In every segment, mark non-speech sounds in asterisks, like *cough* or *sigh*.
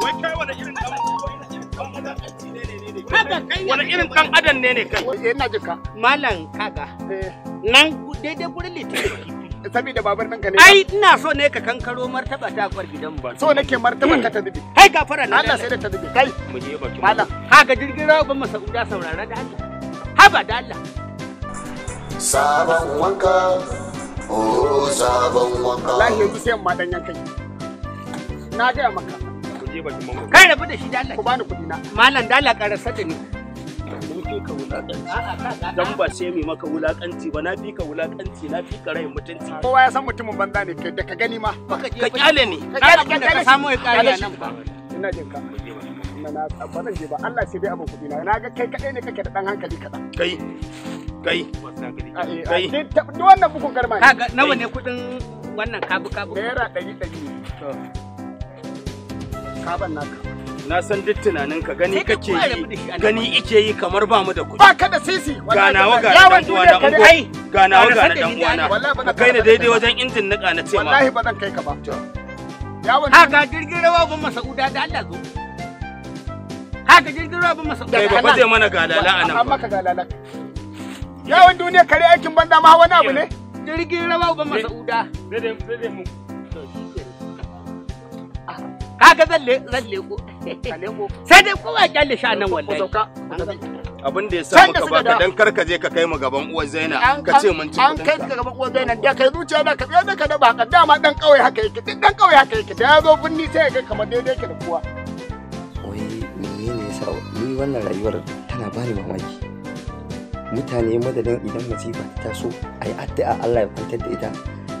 Wai kai wani irin dan adam ne ne kai eh, ina jika malam kaga eh. nan daidai gurin litinin babar nan ka ne ai ina so ne ka kankaro martaba ta kwar gidan ba so nake martaba ta dubi kai ka fara Allah sai da ta dubi kai mu je malam jirgin saurara da Allah ha da Allah sabon wanka o oh, sabon wanka wallahi yanzu sai ma dan yankan na ga maka je bakin mamman kai rabu da shi da Allah ku bani kuɗi na malam da Allah karasar da ni ka wulakanci dan ba sai mai maka wulakanci ba na fi ka wulakanci na fi ka rayin mutunci kowa ya san mutumin banza ne da ka gani ma ka kyale ne ka kyale ka samu ya kariya nan ina jin ka na ba zan je ba Allah sai dai abin kuɗi na na ga kai kaɗai ne kake da ɗan hankali kaɗan kai kai eh, kai duk wannan bukun garma ne nawa ne kuɗin wannan kabu kabu naira ɗari ɗari ne kaban naka na san duk tunanin ka gani kake yi gani ike yi kamar ba mu da kuɗi ba ka da sisi ga nawa dan uwa na ungo ga nawa dan uwa na ka kai ni daidai wajen injin nika na ce ma wallahi ba zan kai ka ba yawon ga jirgin rawa ban masa uda da Allah zo haka jirgin ruwa ba masa kai ba zai mana galala anan an ga yawon duniya kare aikin banda ma wani abu ne jirgin ruwa masa uda kaga zalle zalle ko sai dai kowa kyalle sha nan wallahi abin da ya sa muka baka dan karka je ka kai mu gaban uwar Zainab ka ce mun ci an kai ka gaban uwar Zainab da kai zuciya da ka tsaye da ka da baka dama dan kauye haka yake duk dan kauye haka yake da ya zo binni sai ya kai kamar daidai ka da kowa wai menene ya yasa ni wannan rayuwar tana bani mamaki mutane madadin idan masifa ta taso yi addu'a Allah ya kwantar da ita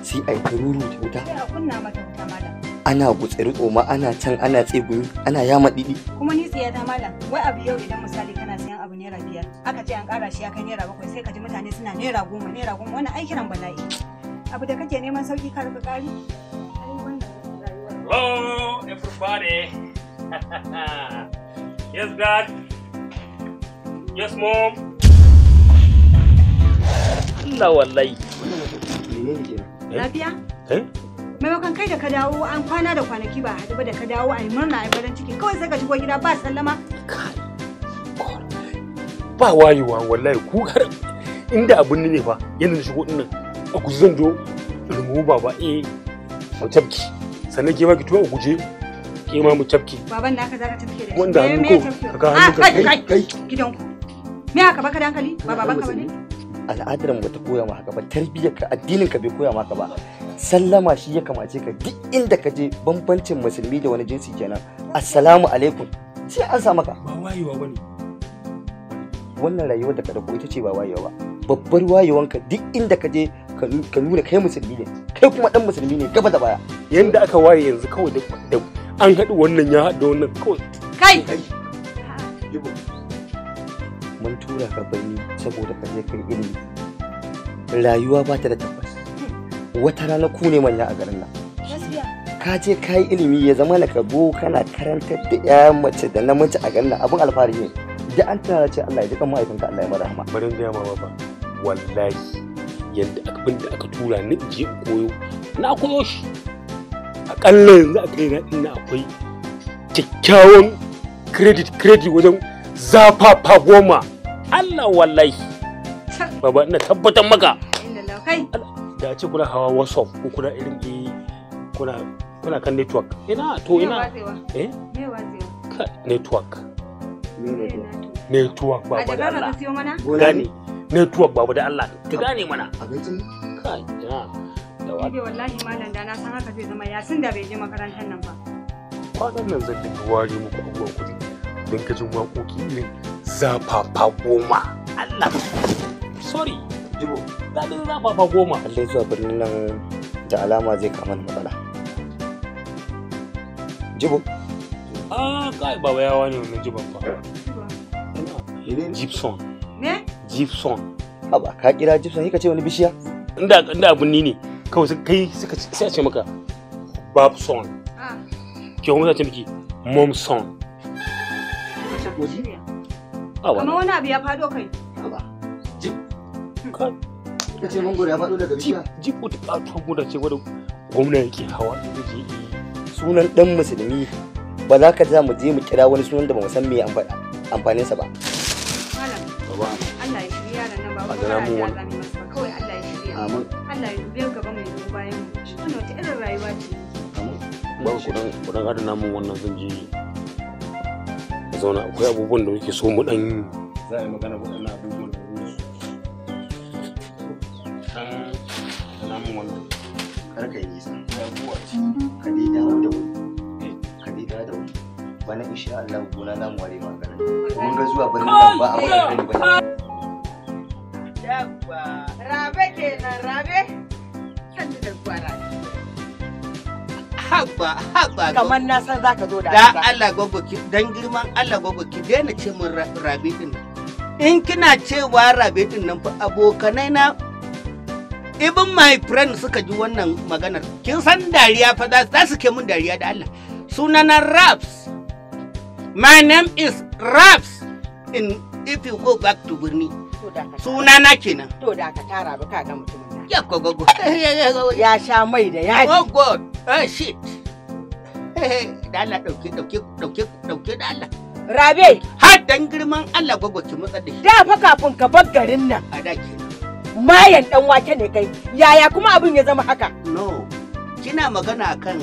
sai a yi ta wuta sai kunna mata wuta malam ana gutsiri ma ana can ana tsegumi ana yama didi kuma ni tsiya ta mala wai abu yau idan misali kana sayan abu naira biyar aka ce an kara shi ya kai naira bakwai sai ka ji mutane suna naira goma naira goma wannan ai kiran bala'i abu da kake neman sauki ka rufe kari hello everybody *laughs* yes dad yes mom Allah wallahi lafiya eh maimakon kai da ka dawo an kwana da kwanaki ba haɗu ba da ka dawo a yi murna a yi farin ciki kawai sai ka shigo gida ba sallama ba wayewa wallahi ku har inda abin ne ba yana da shigo dinnan a ku zan zo rumu baba eh mu tabki sannan ke ba ki tuwa guje ke ma mu tabki. baban da aka zaka tafke da shi wanda hannu ko ka ah, hannu ka kai gidanku me aka baka dankali ba baban ka bane al'adar mu ta koya ma haka ba tarbiyyar ka addinin ka bai koya maka ba sallama shi ya kamace ka duk inda ka je bambancin musulmi da wani jinsi kenan assalamu alaikum sai an sa maka ba wayewa bane wannan rayuwar da ka dauko ita ce ba wayewa ba babbar ka duk inda ka je ka nuna kai musulmi ne kai kuma dan musulmi ne gaba da baya yanda aka waye yanzu kawai da an hadu wannan ya haɗu wannan kawai kai mun tura ka bani saboda ka je kai ilimi rayuwa ba ta da tabbata wata rana ku ne manya a garin nan ka je ka yi ilimi ya zama na ka kana karantar da ya mace da namiji a garin nan abin alfahari ne da an tana ce Allah ya duka mahaifinka Allah ya mara rahama bari in gaya ma baba wallahi yadda abin da aka tura ni je koyo na koyo shi akalla yanzu a kai na ina akwai kyakkyawan credit credit wajen zafafa goma Allah wallahi baba ina tabbatar maka da ce kuna hawa whatsapp ko kuna irin e kuna kuna kan network ina to ina eh network network ba ba da Allah gane network ba ba da Allah ka gane mana kai ya da wallahi malam da na san haka zai zama yasin da bai je makarantar nan ba kwanan nan zan dinga ware muku abubuwan kuɗi don ka jin waƙoƙi irin zafafa goma Allah sorry dubu zaɓin zaɓaɓa goma lallai zuwa birnin nan da alama zai kama da matsala jibo ah kai baba yawa ne wannan jibon ba gibson ne gibson haba ka kira gibson yi ka ce wani bishiya inda inda abun ne kawai kai suka sai a ce maka babson ah. ke kuma ce miki momson kamar wani abu ya fado kai ka ce mangoro ya faɗo daga bishiya ta ƙato gwamna yake hawa inda ke sunan ɗan musulmi ba za ka za mu je mu kira wani sunan da ba mu san me amfaninsa ba baba Allah ya shirya da nan kawai Allah ya shirya amin Allah ya dubiya gaba mai bayan shi wannan wata irin rayuwa ce amin ba ku dan ku dan adana mun wannan zan je zauna akwai abubuwan da muke so mu dan za a yi magana waɗannan abubuwan wannan kar ka yi nisa ce ka dai dawo da wuri eh. ka dai dawo da wuri bana Allah gona na mu ware mun ga zuwa birnin nan ba a ba rabe kenan rabe da haba haba na san zaka zo da da dan girman Allah ki daina ce in kina cewa rabe nan fa abokanai na Even my friend suka ji wannan maganar. Kin san dariya fa za su ke mun dariya da Allah. Sunana Raps. My name is Raps in if you go back to Birni. Sunana kenan. To da ka tara ba ka ga mutum Ya eh, eh, eh, gogo. Ya sha mai da yaji. Oh God. Oh shit. Da Allah dauke dauke dauke dauke da Allah. Rabe. Har dan girman Allah gogo ki matsa da shi. Da fa kafin ka bar garin nan. A daki mayan dan wake ne kai yaya kuma abin ya zama haka no kina magana kan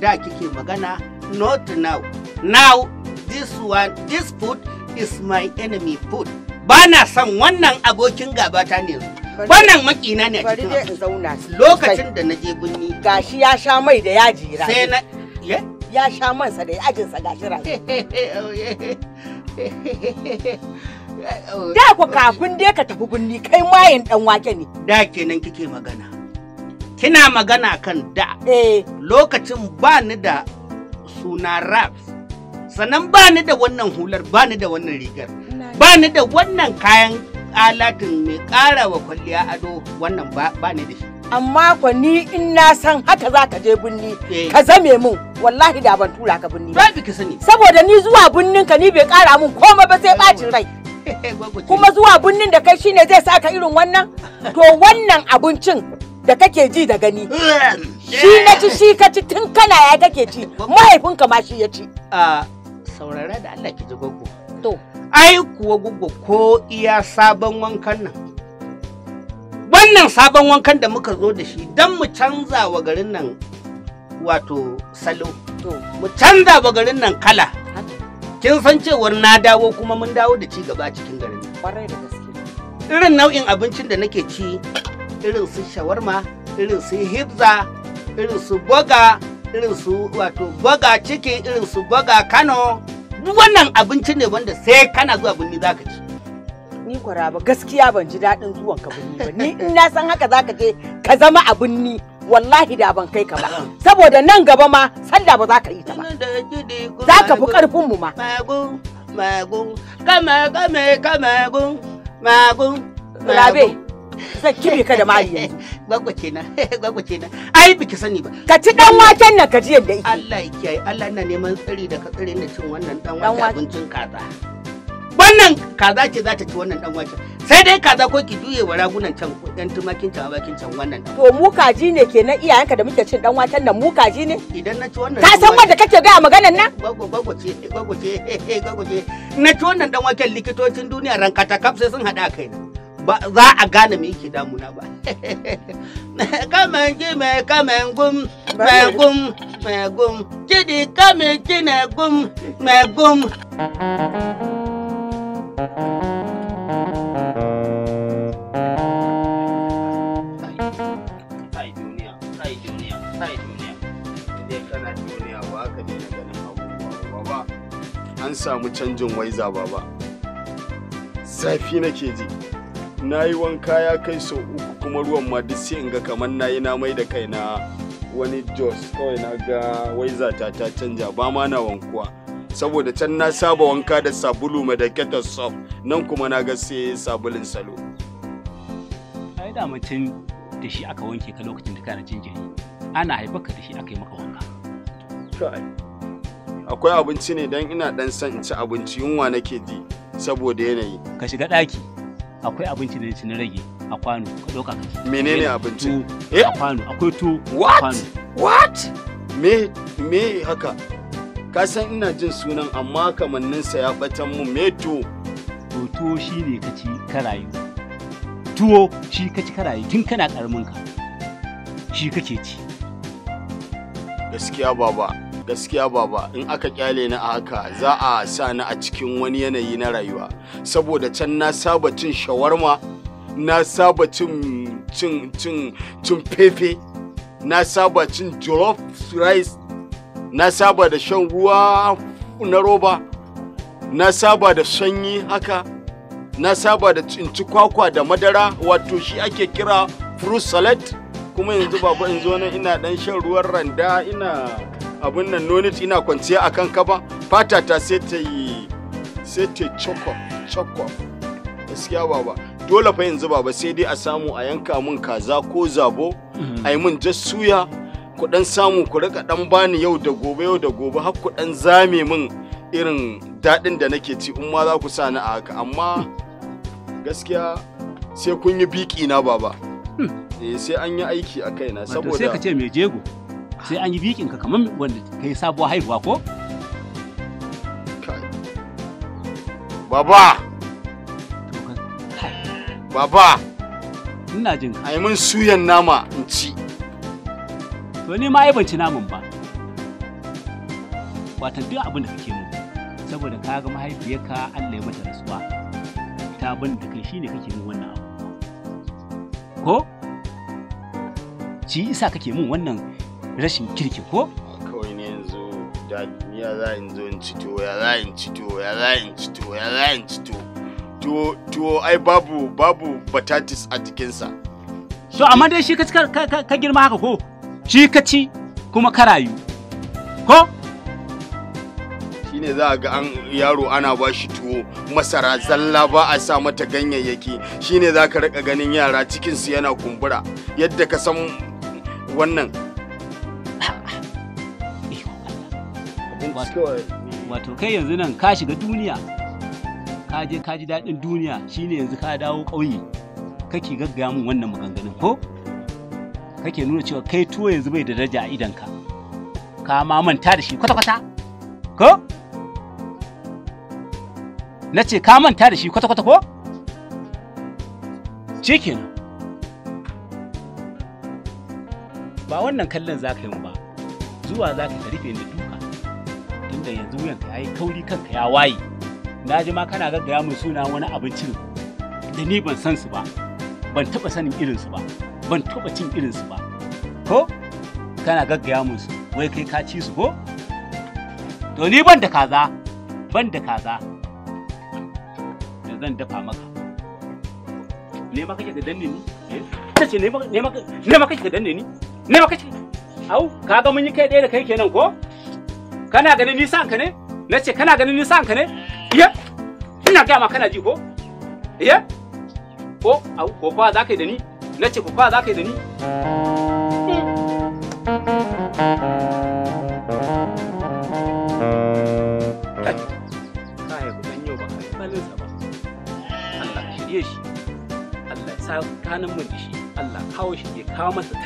da kike magana not now now this one this food is my enemy food Bana na son wannan abokin gabata ne wannan makina ne bari dai in zauna *laughs* lokacin da na je binni gashi ya sha mai da yajira sai na ya sha man sa da yajinsa gashi ra *laughs* *laughs* Da ku kafin dai ka tafi bunni kai mayin dan wake ne. Da kenan kike magana. Kina magana kan da. Eh. Lokacin ba ni da suna rap. Sannan ba ni da wannan hular, ba ni da wannan rigar. Ba ni da wannan kayan alatin mai ƙara wa kwalliya ado wannan ba ni da shi. Amma kwani ni in na san haka za ka je bunni eh. ka zame mun. wallahi da ban tura ka binni ba ki sani saboda ni zuwa binnin ka ni bai kara mun komai ba sai bacin rai *laughs* kuma zuwa binnin da kai shine zai saka irin wannan to wannan abincin da kake ji da gani shi na ci shi ka ci tun kana ya kake ci mahaifinka ma shi ya ci a saurara da Allah ki ji gogo to ai kuwa gogo ko iya sabon wankan nan wannan sabon wankan da muka zo da shi don mu canza wa garin nan wato salo mu canza ba garin nan kala kin san cewar na dawo kuma mun dawo da ci gaba cikin garin irin nau'in abincin da nake ci irin su shawarma irin su hibza irin su boga irin su wato boga ciki irin su boga kano wannan abinci ne wanda sai kana zuwa birni zaka ci ni kwara ba gaskiya ban ji daɗin zuwan ka birni ba ni in na san haka zaka je ka zama a birni wallahi da ban kai ka ba saboda nan gaba ma sallah ba za ka yi ta ba za ka fi karfin mu ma magun rabe zan *laughs* *laughs* kibe ai biki sani ba ka ci dan waken na cin wannan dan kaza wannan kaza ce za ta ci wannan dan waken. sai dai ka ko ki juye wa ragunan can yan tumakin can bakin can wannan to mu kaji ne kenan iyayenka da muke cin dan watan nan mu kaji ne idan na ci wannan ka san wanda kake ga maganar nan gogo gogo ce gogo ce gogo ce na ci wannan dan waken likitocin duniya ranka ta kafse sun hada kai ba za a gane me yake damuna ba *laughs* kamen ji me kamen gum me gum me gum kidi kamen kine gum me gum samu canjin waiza baba zafi nake ji na yi wanka ya kai sau uku kuma ruwan ma duk sai in ga kamar na yi na mai da kaina wani jos kawai na ga waiza ta ta canja ba ma na wankuwa saboda can na saba wanka da sabulu mai da soft nan kuma na ga sai sabulin salo ai da mutum da shi aka wanke ka lokacin da kana jinjiri ana haifa ka da shi aka yi maka wanka akwai abinci ne dan ina dan san in ci abinci yunwa nake ji saboda yanayi ka shiga daki akwai abinci da ci na rage a kwano ka doka ka menene abinci eh a kwano akwai to what what me me haka ka san ina jin sunan amma kamanninsa ya batan mun me to to to shine ka ci ka rayu tuwo shi ka ci karaye tun kana ƙaramin ka shi kake ci gaskiya baba gaskiya baba in aka kyale ni a haka za a sa ni a cikin wani yanayi na rayuwa saboda can na saba cin shawarma na saba cin cin cin cin fefe na saba cin jollof rice na saba da shan ruwa na roba na saba da sanyi haka na saba da cinci kwakwa da madara wato shi ake kira fruit salad kuma yanzu baba in zo ina dan shan ruwan randa ina abin nan nonit ina kwanciya a kan kaba fata ta sai ta yi sai ta chokwa chokwa gaskiya baba dole fa yanzu baba sai dai a samu a yanka mun kaza ko zabo mhm. a yi min suya ku dan samu ku rika dan bani yau da gobe yau da gobe har ku dan zame min irin daɗin da nake ci in ma za ku sa ni a haka amma gaskiya sai kun yi biki na baba hmm. eh, sai an yi aiki a kaina saboda sai ka ce me jego sai an yi bikin ka kamar wanda yi sabuwa haihuwa ko baba baba ina jin ka. mun suyan nama in ci to ni ma ai ban ci naman ba watan duk abin da kake mu saboda ka ga mahaifiyarka Allah ya mata rasuwa ta abin da kai shine kake min wannan abu ko ci isa kake min wannan rashin kirki ko kawai ne yanzu ya za in zo in ci tuwo ya za in ci tuwo ya za in ci tuwo ya za in ci tuwo tuwo tuwo ai babu babu batatis a jikinsa so amma dai shi ka girma haka ko shi ka ci kuma ka rayu ko shine za a ga an yaro ana ba shi tuwo masara zalla ba a sa mata ganyayyaki shine za ka raka ganin yara cikinsu yana kumbura yadda ka san wannan wato kai yanzu nan ka shiga duniya ka je ka ji daɗin duniya shine yanzu ka dawo ƙauye kake gaggaya min wannan maganganun ko kake nuna cewa kai tuwo yanzu bai da daraja a idanka ka ma manta da shi kwata-kwata ko na ce ka manta da shi kwata-kwata ko cikin ba wannan kallon za ka yi ba zuwa za ka rufe ni duka tunda yanzu wuyan ka yayi kauri kanka ya waye na ji ma kana gaggaya mu suna wani abincin da ni ban san su ba ban taba sanin irin su ba ban taba cin irin su ba ko kana gaggaya mu su wai kai ka ci su ko to ni ban da kaza ban da kaza zan dafa maka ne ma kake da danne ni eh? ta ce ne ma kake da danne ni ne ma kake au kaga mun yi kai ɗaya da kai kenan ko kana ganin nisan ka ne na ce kana ganin nisan ka ne iya ina gaya ma kana ji ko iya ko ko fa za ka yi da ni na ce ko fa za ka yi da ni Allah kawo shi ya kawo masa